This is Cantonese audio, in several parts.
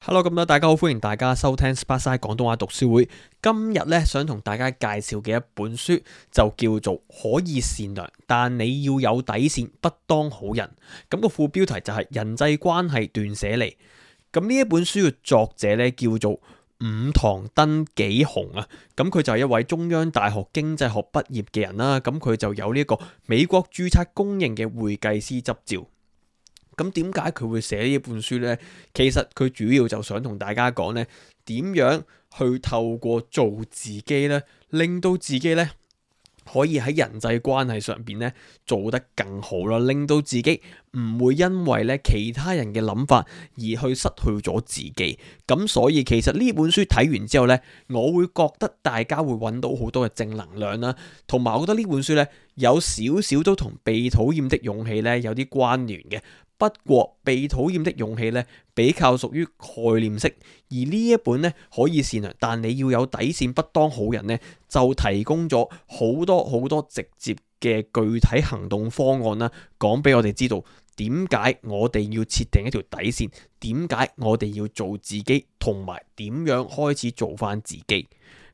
hello，咁啊，大家好，歡迎大家收聽《Sparksine 廣東話讀書會》。今日咧，想同大家介紹嘅一本書就叫做《可以善良，但你要有底線，不當好人》。咁個副標題就係《人際關係斷捨離》。咁呢一本書嘅作者咧叫做午堂登紀雄啊。咁佢就係一位中央大學經濟學畢業嘅人啦。咁佢就有呢一個美國注冊公認嘅會計師執照。咁點解佢會寫呢一本書呢？其實佢主要就想同大家講呢，點樣去透過做自己呢，令到自己呢可以喺人際關係上邊呢做得更好咯，令到自己，唔會因為咧其他人嘅諗法而去失去咗自己，咁所以其實呢本書睇完之後呢，我會覺得大家會揾到好多嘅正能量啦，同埋我覺得呢本書呢，有少少都同被討厭的勇氣呢有啲關聯嘅，不過被討厭的勇氣呢比較屬於概念式，而呢一本呢可以善良，但你要有底線，不當好人呢，就提供咗好多好多直接。嘅具體行動方案啦，講俾我哋知道點解我哋要設定一條底線，點解我哋要做自己，同埋點樣開始做翻自己。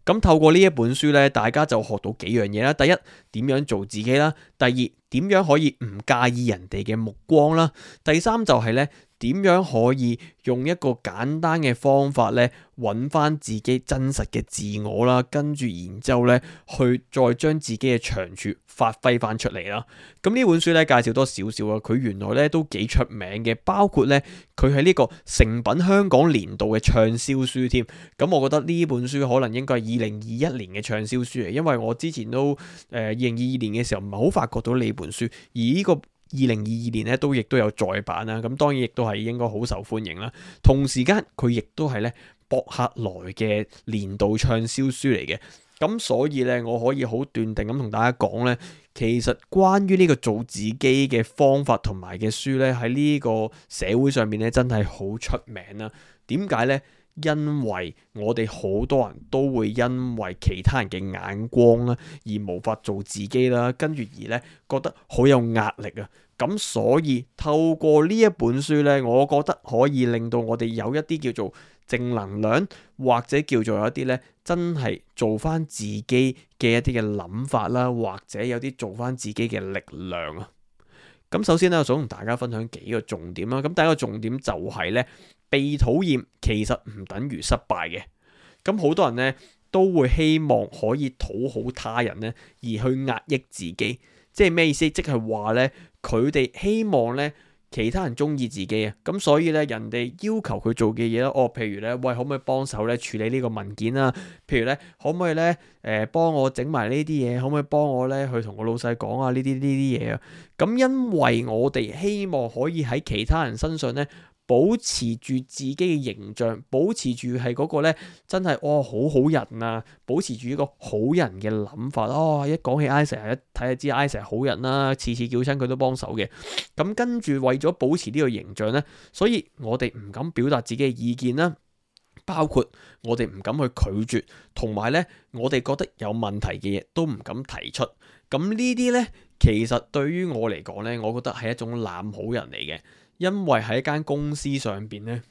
咁、嗯、透過呢一本書咧，大家就學到幾樣嘢啦。第一，點樣做自己啦？第二，點樣可以唔介意人哋嘅目光啦？第三就呢，就係咧。點樣可以用一個簡單嘅方法咧，揾翻自己真實嘅自我啦，跟住然之後咧，去再將自己嘅長處發揮翻出嚟啦。咁、嗯、呢本書咧介紹多少少啊，佢原來咧都幾出名嘅，包括咧佢喺呢個誠品香港年度嘅暢銷書添。咁、嗯、我覺得呢本書可能應該係二零二一年嘅暢銷書嚟，因為我之前都誒二零二二年嘅時候唔係好發覺到呢本書，而呢、這個。二零二二年咧都亦都有再版啦，咁當然亦都係應該好受歡迎啦。同時間佢亦都係咧博客來嘅年度暢銷書嚟嘅，咁所以咧我可以好斷定咁同大家講咧，其實關於呢個做自己嘅方法同埋嘅書咧，喺呢個社會上面咧真係好出名啦。點解咧？因為我哋好多人都會因為其他人嘅眼光啦而無法做自己啦，跟住而咧覺得好有壓力啊！咁所以透過呢一本書呢，我覺得可以令到我哋有一啲叫做正能量，或者叫做有一啲呢真係做翻自己嘅一啲嘅諗法啦，或者有啲做翻自己嘅力量啊。咁首先呢，我想同大家分享幾個重點啦。咁第一個重點就係呢：被討厭其實唔等於失敗嘅。咁好多人呢都會希望可以討好他人呢，而去壓抑自己，即係咩意思？即係話呢。佢哋希望咧其他人中意自己啊，咁所以咧人哋要求佢做嘅嘢咧，哦，譬如咧，喂，可唔可以幫手咧處理呢個文件啊？譬如咧可唔可以咧誒幫我整埋呢啲嘢？可唔可以幫我咧去同我老細講啊？呢啲呢啲嘢啊？咁因為我哋希望可以喺其他人身上咧。保持住自己嘅形象，保持住係嗰個咧，真係哦好好人啊！保持住一個好人嘅諗法，哦一講起 Isa，一睇就知 Isa 係好人啦，啊，次次叫親佢都幫手嘅。咁、嗯、跟住為咗保持呢個形象咧，所以我哋唔敢表達自己嘅意見啦，包括我哋唔敢去拒絕，同埋咧我哋覺得有問題嘅嘢都唔敢提出。咁、嗯、呢啲咧，其實對於我嚟講咧，我覺得係一種濫好人嚟嘅。因為喺一間公司上邊咧，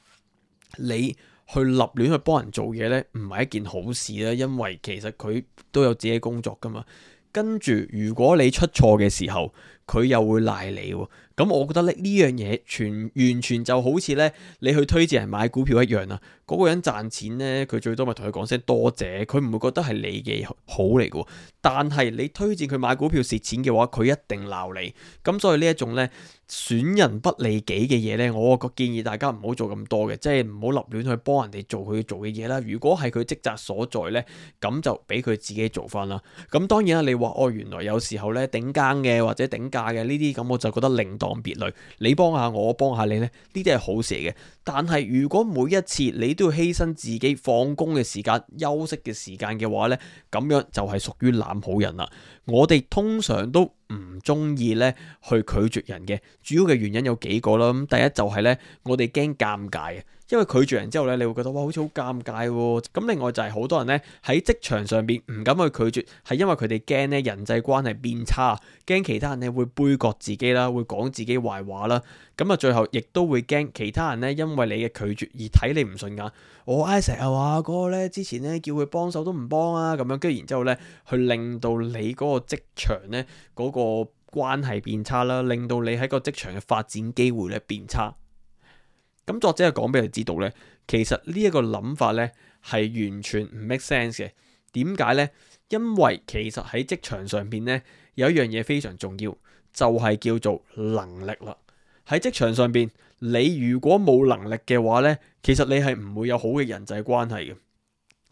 你去立亂去幫人做嘢咧，唔係一件好事啦。因為其實佢都有自己工作噶嘛，跟住如果你出錯嘅時候。佢又會賴你喎。哦，咁我覺得呢呢樣嘢全完全就好似呢你去推薦人買股票一樣啊。嗰、那個人賺錢呢，佢最多咪同佢講聲多謝，佢唔會覺得係你嘅好嚟嘅。但係你推薦佢買股票蝕錢嘅話，佢一定鬧你。咁所以呢一種呢損人不利己嘅嘢呢，我建議大家唔好做咁多嘅，即係唔好立亂去幫人哋做佢做嘅嘢啦。如果係佢職責所在呢，咁就俾佢自己做翻啦。咁當然啦，你話哦，原來有時候呢頂更嘅或者頂價嘅呢啲，咁我就覺得另當別論，你幫下我，我幫下你咧，呢啲係好事嚟嘅。但係如果每一次你都要犧牲自己放工嘅時間、休息嘅時間嘅話呢，咁樣就係屬於濫好人啦。我哋通常都。唔中意咧去拒絕人嘅主要嘅原因有幾個啦，咁第一就係咧我哋驚尷尬啊，因為拒絕人之後咧你會覺得哇好似好尷尬，咁另外就係好多人咧喺職場上邊唔敢去拒絕，係因為佢哋驚咧人際關係變差，驚其他人會背割自己啦，會講自己壞話啦。咁啊，最後亦都會驚其他人咧，因為你嘅拒絕而睇你唔順眼。我 Iset 啊，話嗰個咧之前咧叫佢幫手都唔幫啊，咁樣跟住然之後咧，去令到你嗰個職場咧嗰個關係變差啦，令到你喺個職場嘅發展機會咧變差。咁作者係講俾佢知道咧，其實呢一個諗法咧係完全唔 make sense 嘅。點解咧？因為其實喺職場上邊咧有一樣嘢非常重要，就係叫做能力啦。喺職場上邊，你如果冇能力嘅話咧，其實你係唔會有好嘅人際關係嘅。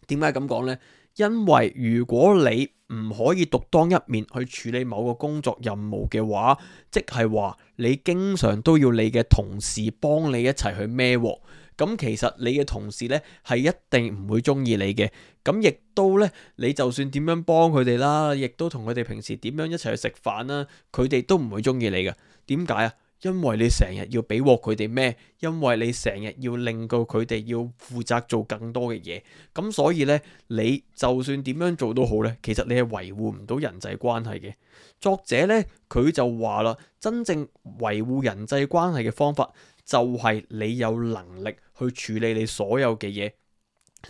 點解咁講咧？因為如果你唔可以獨當一面去處理某個工作任務嘅話，即係話你經常都要你嘅同事幫你一齊去孭鍋，咁其實你嘅同事咧，係一定唔會中意你嘅。咁亦都咧，你就算點樣幫佢哋啦，亦都同佢哋平時點樣一齊去食飯啦，佢哋都唔會中意你嘅。點解啊？因為你成日要俾鑊佢哋咩？因為你成日要令到佢哋要負責做更多嘅嘢，咁所以呢，你就算點樣做都好呢，其實你係維護唔到人際關係嘅。作者呢，佢就話啦，真正維護人際關係嘅方法就係你有能力去處理你所有嘅嘢，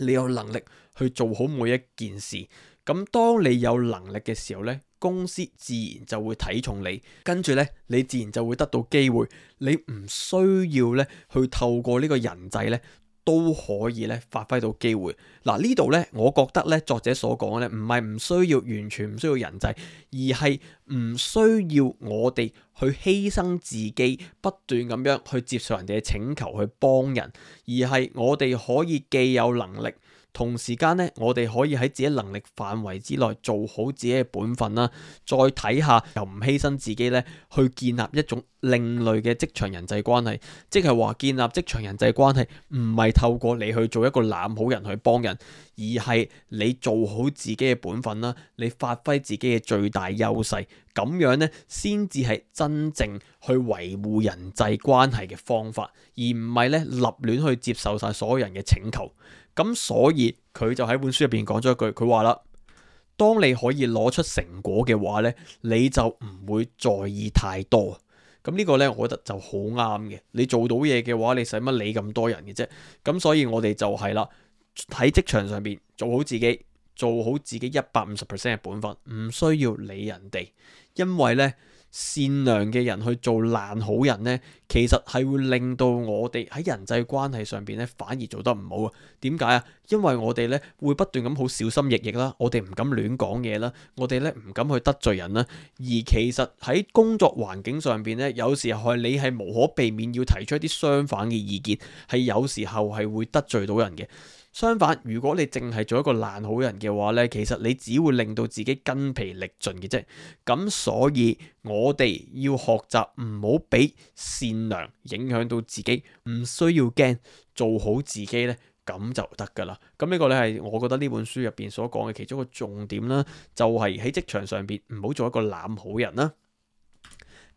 你有能力去做好每一件事。咁當你有能力嘅時候呢。公司自然就會睇重你，跟住呢，你自然就會得到機會。你唔需要呢去透過呢個人際呢都可以呢發揮到機會。嗱，呢度呢，我覺得呢作者所講嘅呢，唔係唔需要完全唔需要人際，而係唔需要我哋去犧牲自己，不斷咁樣去接受人哋嘅請求去幫人，而係我哋可以既有能力。同時間咧，我哋可以喺自己能力範圍之內做好自己嘅本分啦，再睇下又唔犧牲自己咧，去建立一種另類嘅職場人際關係，即係話建立職場人際關係唔係透過你去做一個濫好人去幫人，而係你做好自己嘅本分啦，你發揮自己嘅最大優勢，咁樣咧先至係真正去維護人際關係嘅方法，而唔係咧立亂去接受晒所有人嘅請求。咁所以佢就喺本書入邊講咗一句，佢話啦，當你可以攞出成果嘅話呢，你就唔會在意太多。咁呢個呢，我覺得就好啱嘅。你做到嘢嘅話，你使乜理咁多人嘅啫？咁所以我哋就係啦，喺職場上邊做好自己，做好自己一百五十 percent 嘅本分，唔需要理人哋，因為呢。善良嘅人去做爛好人呢，其實係會令到我哋喺人際關係上邊呢，反而做得唔好啊？點解啊？因為我哋呢會不斷咁好小心翼翼啦，我哋唔敢亂講嘢啦，我哋呢唔敢去得罪人啦。而其實喺工作環境上邊呢，有時候你係無可避免要提出一啲相反嘅意見，係有時候係會得罪到人嘅。相反，如果你淨係做一個濫好人嘅話咧，其實你只會令到自己筋疲力盡嘅啫。咁所以我哋要學習唔好俾善良影響到自己，唔需要驚做好自己咧，咁就得噶啦。咁呢個咧係我覺得呢本書入邊所講嘅其中一個重點啦，就係喺職場上邊唔好做一個濫好人啦。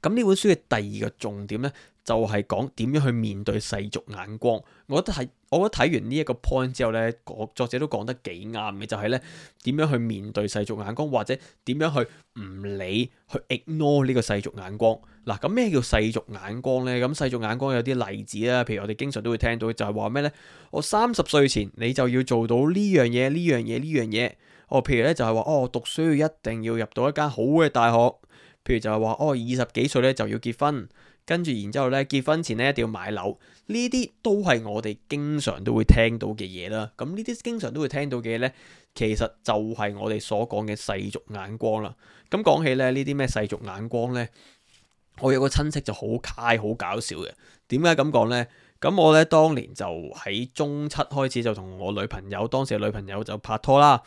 咁呢本書嘅第二個重點咧，就係講點樣去面對世俗眼光。我覺得係，我覺得睇完呢一個 point 之後咧，個作者都講得幾啱嘅，就係咧點樣去面對世俗眼光，或者點樣去唔理去 ignore 呢個世俗眼光。嗱、啊，咁咩叫世俗眼光咧？咁世俗眼光有啲例子啦，譬如我哋經常都會聽到，就係話咩咧？我三十歲前你就要做到呢樣嘢、呢樣嘢、呢樣嘢。哦，譬如咧就係、是、話，哦，我讀書一定要入到一間好嘅大學。譬如就係話哦，二十幾歲咧就要結婚，跟住然之後咧，結婚前咧一定要買樓，呢啲都係我哋經常都會聽到嘅嘢啦。咁呢啲經常都會聽到嘅嘢咧，其實就係我哋所講嘅世俗眼光啦。咁講起咧，呢啲咩世俗眼光咧，我有個親戚就好太好搞笑嘅。點解咁講咧？咁我咧當年就喺中七開始就同我女朋友，當時嘅女朋友就拍拖啦。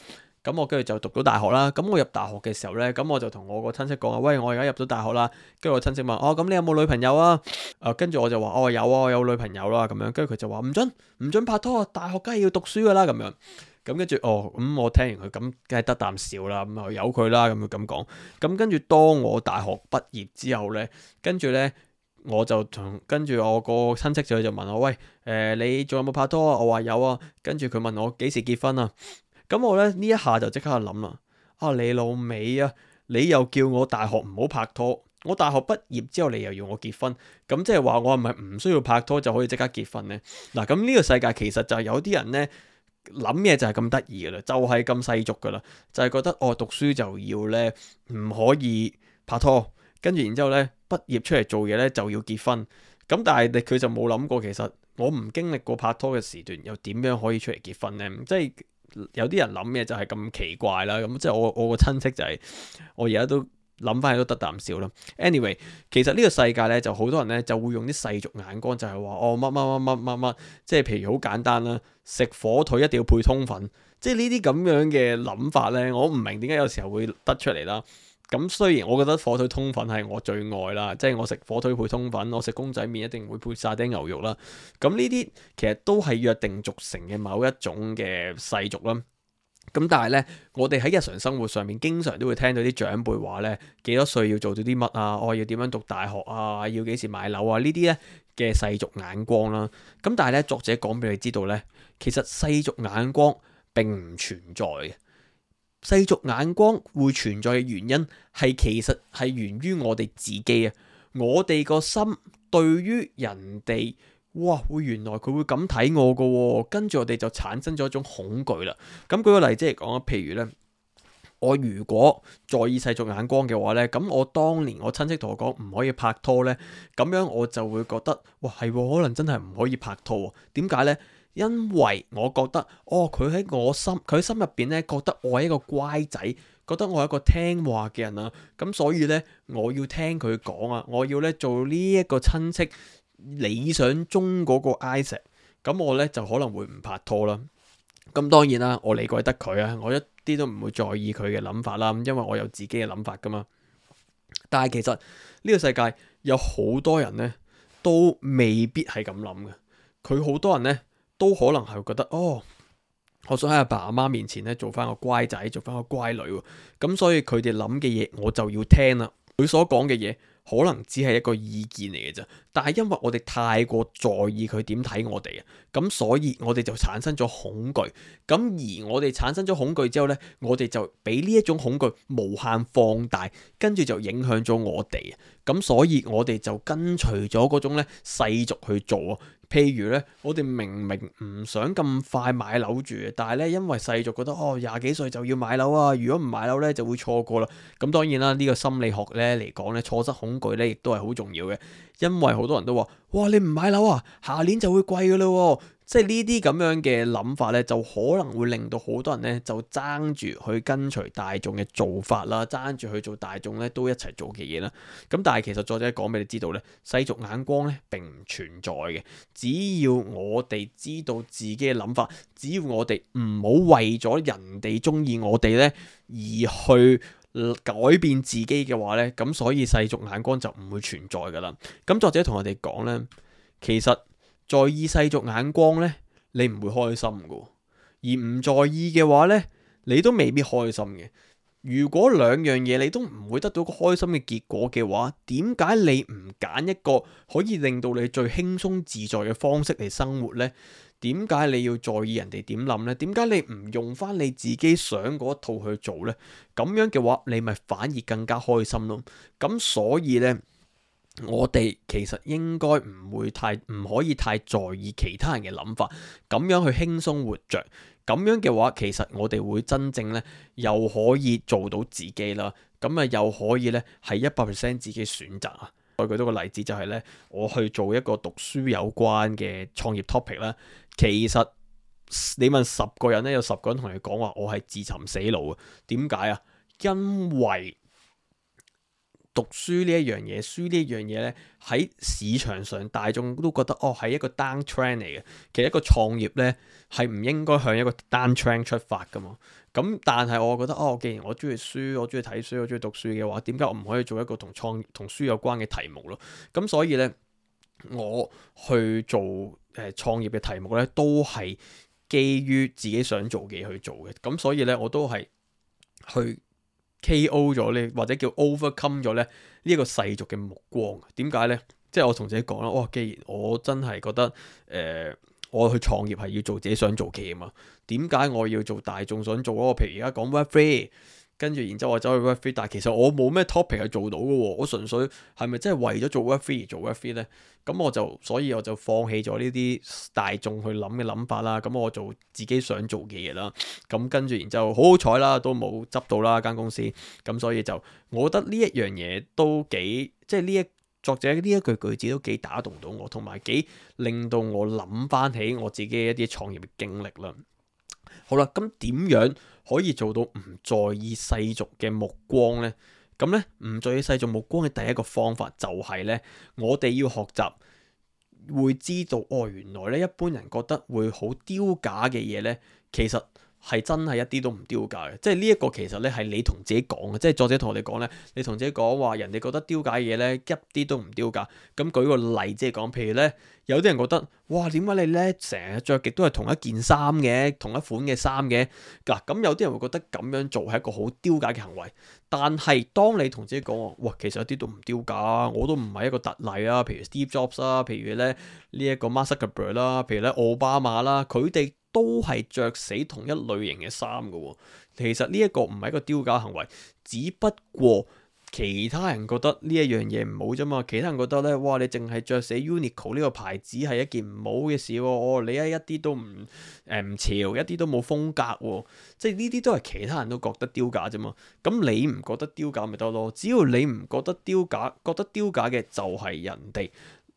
咁我跟住就讀到大學啦。咁我入大學嘅時候咧，咁我就同我個親戚講，喂，我而家入咗大學啦。跟住我親戚問，哦，咁你有冇女朋友啊？誒、啊，跟住我就話，哦，有啊，我有女朋友啦、啊。咁樣，跟住佢就話，唔准，唔准拍拖，啊。大學梗係要讀書㗎啦。咁樣咁跟住，哦，咁、嗯、我聽完佢咁，梗係得啖笑啦。咁啊，由佢啦，咁咁講。咁跟住，當我大學畢業之後咧，跟住咧，我就同跟住我個親戚就就問我，喂，誒、呃，你仲有冇拍拖啊？我話有啊。跟住佢問我幾時結婚啊？咁我咧呢一下就即刻諗啦，啊你老味啊，你又叫我大學唔好拍拖，我大學畢業之後你又要我結婚，咁即係話我係咪唔需要拍拖就可以即刻結婚呢？嗱、啊，咁呢個世界其實就係有啲人呢，諗嘢就係咁得意噶啦，就係咁世俗噶啦，就係覺得哦讀書就要咧唔可以拍拖，跟住然之後咧畢業出嚟做嘢咧就要結婚，咁但係佢就冇諗過其實我唔經歷過拍拖嘅時段，又點樣可以出嚟結婚呢？即係。有啲人諗嘢就係咁奇怪啦，咁即係我我個親戚就係、是、我而家都諗翻都得啖笑啦。Anyway，其實呢個世界咧就好多人咧就會用啲世俗眼光就，就係話哦乜乜乜乜乜乜，即係譬如好簡單啦，食火腿一定要配通粉，即係呢啲咁樣嘅諗法咧，我唔明點解有時候會得出嚟啦。咁雖然我覺得火腿通粉係我最愛啦，即係我食火腿配通粉，我食公仔麵一定會配沙丁牛肉啦。咁呢啲其實都係約定俗成嘅某一種嘅世俗啦。咁但係呢，我哋喺日常生活上面經常都會聽到啲長輩話呢幾多歲要做到啲乜啊？我要點樣讀大學啊？要幾時買樓啊？呢啲呢嘅世俗眼光啦。咁但係呢，作者講俾你知道呢，其實世俗眼光並唔存在嘅。世俗眼光會存在嘅原因係，其實係源於我哋自己啊，我哋個心對於人哋，哇，會原來佢會咁睇我噶喎，跟住我哋就產生咗一種恐懼啦。咁舉個例子嚟講，譬如咧，我如果在意世俗眼光嘅話咧，咁我當年我親戚同我講唔可以拍拖咧，咁樣我就會覺得哇，係，可能真係唔可以拍拖，點解咧？因為我覺得，哦，佢喺我心，佢喺心入邊咧覺得我係一個乖仔，覺得我係一個聽話嘅人啊，咁所以咧我要聽佢講啊，我要咧做呢一個親戚理想中嗰個 Isaac，咁我咧就可能會唔拍拖啦。咁當然啦，我理鬼得佢啊，我一啲都唔會在意佢嘅諗法啦，因為我有自己嘅諗法噶嘛。但係其實呢個世界有好多人咧都未必係咁諗嘅，佢好多人咧。都可能係覺得哦，我想喺阿爸阿媽面前咧做翻個乖仔，做翻個乖、乖女，咁所以佢哋諗嘅嘢我就要聽啦。佢所講嘅嘢可能只係一個意見嚟嘅啫，但係因為我哋太過在意佢點睇我哋啊，咁所以我哋就產生咗恐懼。咁而我哋產生咗恐懼之後呢，我哋就俾呢一種恐懼無限放大，跟住就影響咗我哋啊。咁所以我哋就跟隨咗嗰種咧世俗去做啊。譬如咧，我哋明明唔想咁快買樓住，但係咧，因為世俗覺得哦，廿幾歲就要買樓啊，如果唔買樓咧，就會錯過啦。咁當然啦，呢個心理學咧嚟講咧，錯失恐懼咧，亦都係好重要嘅，因為好多人都話：哇，你唔買樓啊，下年就會貴噶啦喎！即係呢啲咁樣嘅諗法咧，就可能會令到好多人咧，就爭住去跟隨大眾嘅做法啦，爭住去做大眾咧都一齊做嘅嘢啦。咁但係其實作者講俾你知道咧，世俗眼光咧並唔存在嘅。只要我哋知道自己嘅諗法，只要我哋唔好為咗人哋鍾意我哋咧而去改變自己嘅話咧，咁所以世俗眼光就唔會存在㗎喇。咁作者同我哋講咧，其實。在意世俗眼光呢，你唔會開心噶；而唔在意嘅話呢，你都未必開心嘅。如果兩樣嘢你都唔會得到個開心嘅結果嘅話，點解你唔揀一個可以令到你最輕鬆自在嘅方式嚟生活呢？點解你要在意人哋點諗呢？點解你唔用翻你自己想嗰一套去做呢？咁樣嘅話，你咪反而更加開心咯。咁所以呢。我哋其實應該唔會太唔可以太在意其他人嘅諗法，咁樣去輕鬆活著，咁樣嘅話，其實我哋會真正呢又可以做到自己啦，咁啊又可以呢係一百 percent 自己選擇啊！再舉多個例子就係呢：我去做一個讀書有關嘅創業 topic 咧，其實你問十個人呢，有十個人同你講話我係自尋死路啊。點解啊？因為讀書呢一樣嘢，書呢一樣嘢咧，喺市場上大眾都覺得哦，係一個 down trend 嚟嘅。其實一個創業咧，係唔應該向一個 down trend 出發噶嘛。咁但係我覺得哦，既然我中意書，我中意睇書，我中意讀書嘅話，點解我唔可以做一個同創同書有關嘅題目咯？咁所以咧，我去做誒、呃、創業嘅題目咧，都係基於自己想做嘅去做嘅。咁所以咧，我都係去。K.O. 咗呢，或者叫 overcome 咗呢，呢一個世俗嘅目光，點解呢？即係我同自己講啦，哇！既然我真係覺得，誒，我去創業係要做自己想做嘅嘢嘛，點解我要做大眾想做嗰個？譬如而家講 web three。跟住，然之後我走去 Web3，但其實我冇咩 topic 係做到㗎喎，我純粹係咪真係為咗做 Web3 而做 Web3 咧？咁我就所以我就放棄咗呢啲大眾去諗嘅諗法啦。咁我就做自己想做嘅嘢啦。咁跟住，然之後好好彩啦，都冇執到啦間公司。咁所以就，我覺得呢一樣嘢都幾，即係呢一作者呢一句句子都幾打動到我，同埋幾令到我諗翻起我自己一啲創業嘅經歷啦。好啦，咁點樣可以做到唔在意世俗嘅目光呢？咁呢，唔在意世俗目光嘅第一個方法就係呢：我哋要學習會知道哦，原來呢一般人覺得會好丟架嘅嘢呢，其實係真係一啲都唔丟架嘅。即係呢一個其實呢係你同自己講嘅，即係作者同我哋講呢，你同自己講話人哋覺得丟架嘅嘢呢，一啲都唔丟架。咁舉個例即係講，譬如呢，有啲人覺得。哇，點解你咧成日著極都係同一件衫嘅，同一款嘅衫嘅嗱？咁、啊嗯、有啲人會覺得咁樣做係一個好丟架嘅行為。但係當你同自己講話，哇，其實一啲都唔丟架，我都唔係一個特例啊。譬如 Steve Jobs 啊，譬如咧呢一、這個 Mark Zuckerberg 啦，譬如咧奧巴馬啦、啊，佢哋都係着死同一類型嘅衫嘅喎。其實呢一個唔係一個丟架行為，只不過。其他，其他人覺得呢一樣嘢唔好啫嘛，其他人覺得咧，哇！你淨係着死 Uniqlo 呢個牌子係一件唔好嘅事喎，哦哦，你咧一啲都唔誒唔潮，一啲都冇風格喎，哦，即係呢啲都係其他人都覺得丟架啫嘛。咁你唔覺得丟架咪得咯？只要你唔覺得丟架，覺得丟架嘅就係人哋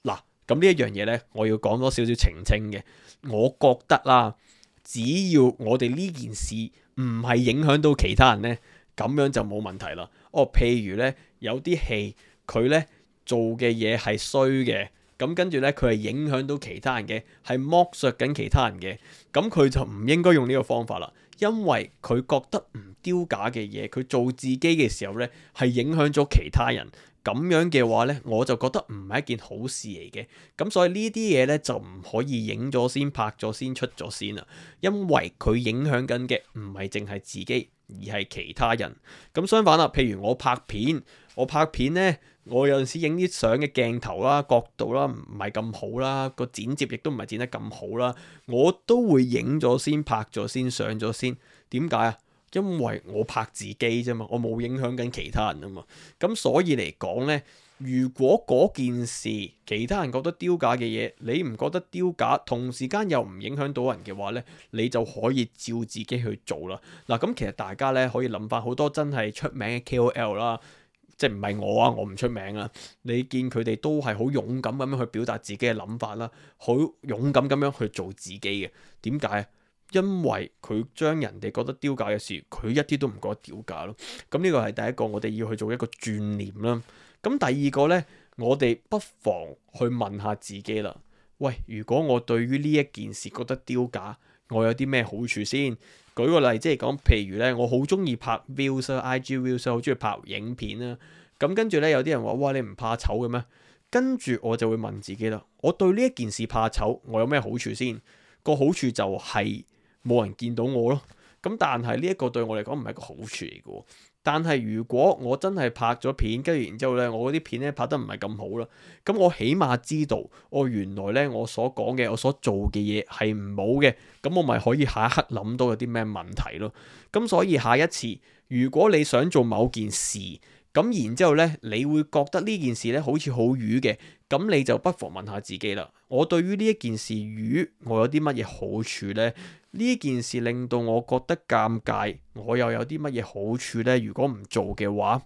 嗱。咁呢一樣嘢咧，我要講多少少澄清嘅。我覺得啦，只要我哋呢件事唔係影響到其他人咧。咁樣就冇問題啦。哦，譬如咧，有啲戲佢咧做嘅嘢係衰嘅，咁、嗯、跟住咧佢係影響到其他人嘅，係剝削緊其他人嘅，咁、嗯、佢就唔應該用呢個方法啦。因為佢覺得唔丟架嘅嘢，佢做自己嘅時候咧係影響咗其他人。咁樣嘅話咧，我就覺得唔係一件好事嚟嘅。咁、嗯、所以呢啲嘢咧就唔可以影咗先拍咗先出咗先啦。因為佢影響緊嘅唔係淨係自己。而係其他人。咁相反啦，譬如我拍片，我拍片咧，我有陣時影啲相嘅鏡頭啦、角度啦，唔係咁好啦，個剪接亦都唔係剪得咁好啦，我都會影咗先拍咗先上咗先。點解啊？因為我拍自己啫嘛，我冇影響緊其他人啊嘛。咁所以嚟講咧。如果嗰件事其他人覺得丟架嘅嘢，你唔覺得丟架，同時間又唔影響到人嘅話呢，你就可以照自己去做啦。嗱、啊，咁其實大家呢可以諗翻好多真係出名嘅 KOL 啦，即係唔係我啊？我唔出名啊！你見佢哋都係好勇敢咁樣去表達自己嘅諗法啦，好勇敢咁樣去做自己嘅。點解啊？因為佢將人哋覺得丟架嘅事，佢一啲都唔覺得丟架咯。咁、嗯、呢、這個係第一個，我哋要去做一個轉念啦。咁第二個咧，我哋不妨去問下自己啦。喂，如果我對於呢一件事覺得丟架，我有啲咩好處先？舉個例即係講，譬如咧，我好中意拍 vlog IG vlog，好中意拍影片啊。咁跟住咧，有啲人話：哇，你唔怕醜嘅咩？跟住我就會問自己啦。我對呢一件事怕醜，我有咩好處先？個好處就係冇人見到我咯。咁但係呢一個對我嚟講唔係一個好處嚟嘅。但係如果我真係拍咗片，跟住然之後咧，我嗰啲片咧拍得唔係咁好啦，咁我起碼知道哦，原來咧我所講嘅我所做嘅嘢係唔好嘅，咁我咪可以下一刻諗到有啲咩問題咯。咁所以下一次如果你想做某件事，咁然之後咧，你會覺得呢件事咧好似好瘀嘅，咁你就不妨問下自己啦，我對於呢一件事瘀，我有啲乜嘢好處咧？呢件事令到我覺得尷尬，我又有啲乜嘢好處呢？如果唔做嘅話，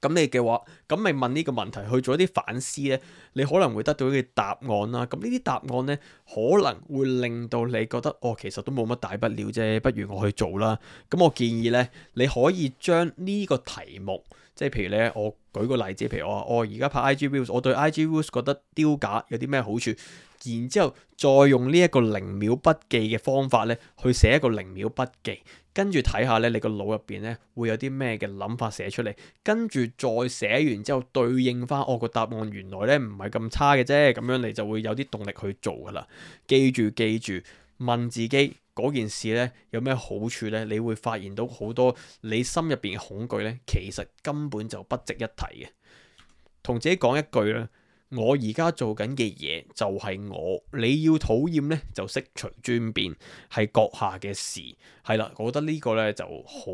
咁你嘅話，咁咪問呢個問題去做一啲反思呢？你可能會得到一個答案啦。咁呢啲答案呢，可能會令到你覺得，哦，其實都冇乜大不了啫，不如我去做啦。咁我建議呢，你可以將呢個題目，即係譬如呢，我舉個例子，譬如我話，我而家拍 IG Views，我對 IG Views 覺得丟架，有啲咩好處？然之後再用呢一個零秒筆記嘅方法咧，去寫一個零秒筆記，跟住睇下咧，你個腦入邊咧會有啲咩嘅諗法寫出嚟，跟住再寫完之後對應翻，哦，個答案原來呢唔係咁差嘅啫，咁樣你就會有啲動力去做噶啦。記住記住，問自己嗰件事呢有咩好處呢？你會發現到好多你心入邊嘅恐懼呢，其實根本就不值一提嘅。同自己講一句啦。我而家做緊嘅嘢就係我，你要討厭咧就悉隨尊便，係閣下嘅事，係啦，我覺得呢個咧就好。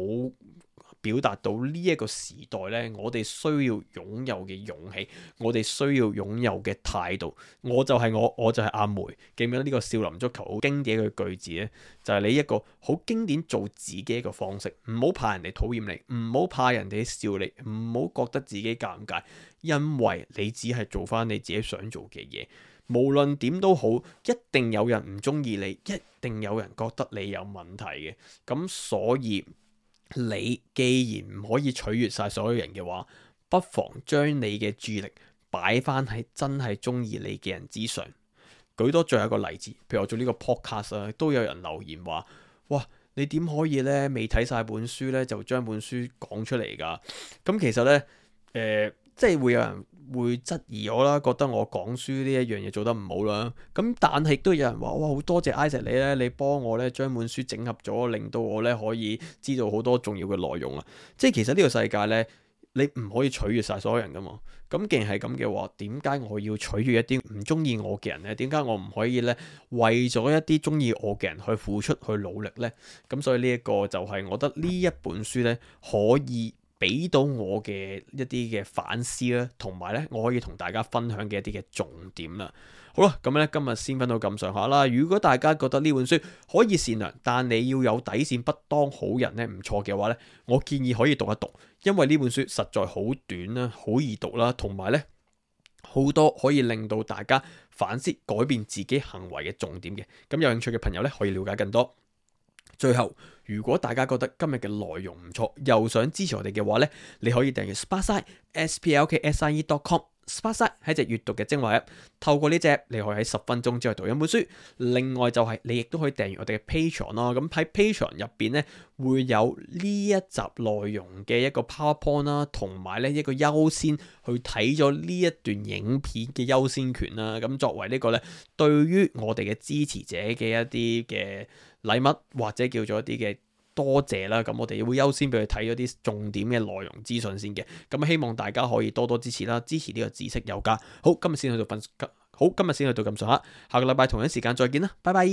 表達到呢一個時代呢，我哋需要擁有嘅勇氣，我哋需要擁有嘅態度。我就係我，我就係阿梅，記唔記得呢個少林足球好經典嘅句子呢？就係、是、你一個好經典做自己嘅一個方式。唔好怕人哋討厭你，唔好怕人哋笑你，唔好覺得自己尷尬，因為你只係做翻你自己想做嘅嘢。無論點都好，一定有人唔中意你，一定有人覺得你有問題嘅。咁所以。你既然唔可以取悅晒所有人嘅話，不妨將你嘅注意力擺翻喺真係中意你嘅人之上。舉多最後一個例子，譬如我做呢個 podcast 啊，都有人留言話：哇，你點可以呢？未睇晒本書呢，就將本書講出嚟噶？咁其實呢，誒、呃，即係會有人。會質疑我啦，覺得我講書呢一樣嘢做得唔好啦。咁但係都有人話：哇，好多謝 Isaac 你咧，你幫我咧將本書整合咗，令到我咧可以知道好多重要嘅內容啦。即係其實呢個世界咧，你唔可以取悅晒所有人噶嘛。咁既然係咁嘅話，點解我要取悅一啲唔中意我嘅人咧？點解我唔可以咧為咗一啲中意我嘅人去付出去努力咧？咁所以呢一個就係我覺得呢一本書咧可以。俾到我嘅一啲嘅反思啦，同埋咧我可以同大家分享嘅一啲嘅重點啦。好啦，咁咧今日先分到咁上下啦。如果大家覺得呢本書可以善良，但你要有底線，不當好人咧唔錯嘅話咧，我建議可以讀一讀，因為呢本書實在好短啦，好易讀啦，同埋咧好多可以令到大家反思、改變自己行為嘅重點嘅。咁有興趣嘅朋友咧，可以了解更多。最後，如果大家覺得今日嘅內容唔錯，又想支持我哋嘅話咧，你可以訂閱 Sparksine sparksine dot com Sparksine 係一隻閱讀嘅精華 app，透過呢隻你可以喺十分鐘之內讀一本書。另外就係、是、你亦都可以訂閱我哋嘅 Patreon 啦。咁喺 Patreon 入邊咧會有呢一集內容嘅一個 PowerPoint 啦，同埋咧一個優先去睇咗呢一段影片嘅優先權啦。咁作為個呢個咧，對於我哋嘅支持者嘅一啲嘅。禮物或者叫做一啲嘅多謝啦，咁我哋會優先俾佢睇咗啲重點嘅內容資訊先嘅，咁希望大家可以多多支持啦，支持呢個知識有價。好，今日先去到訓，好，今日先去到咁上下，下個禮拜同一時間再見啦，拜拜。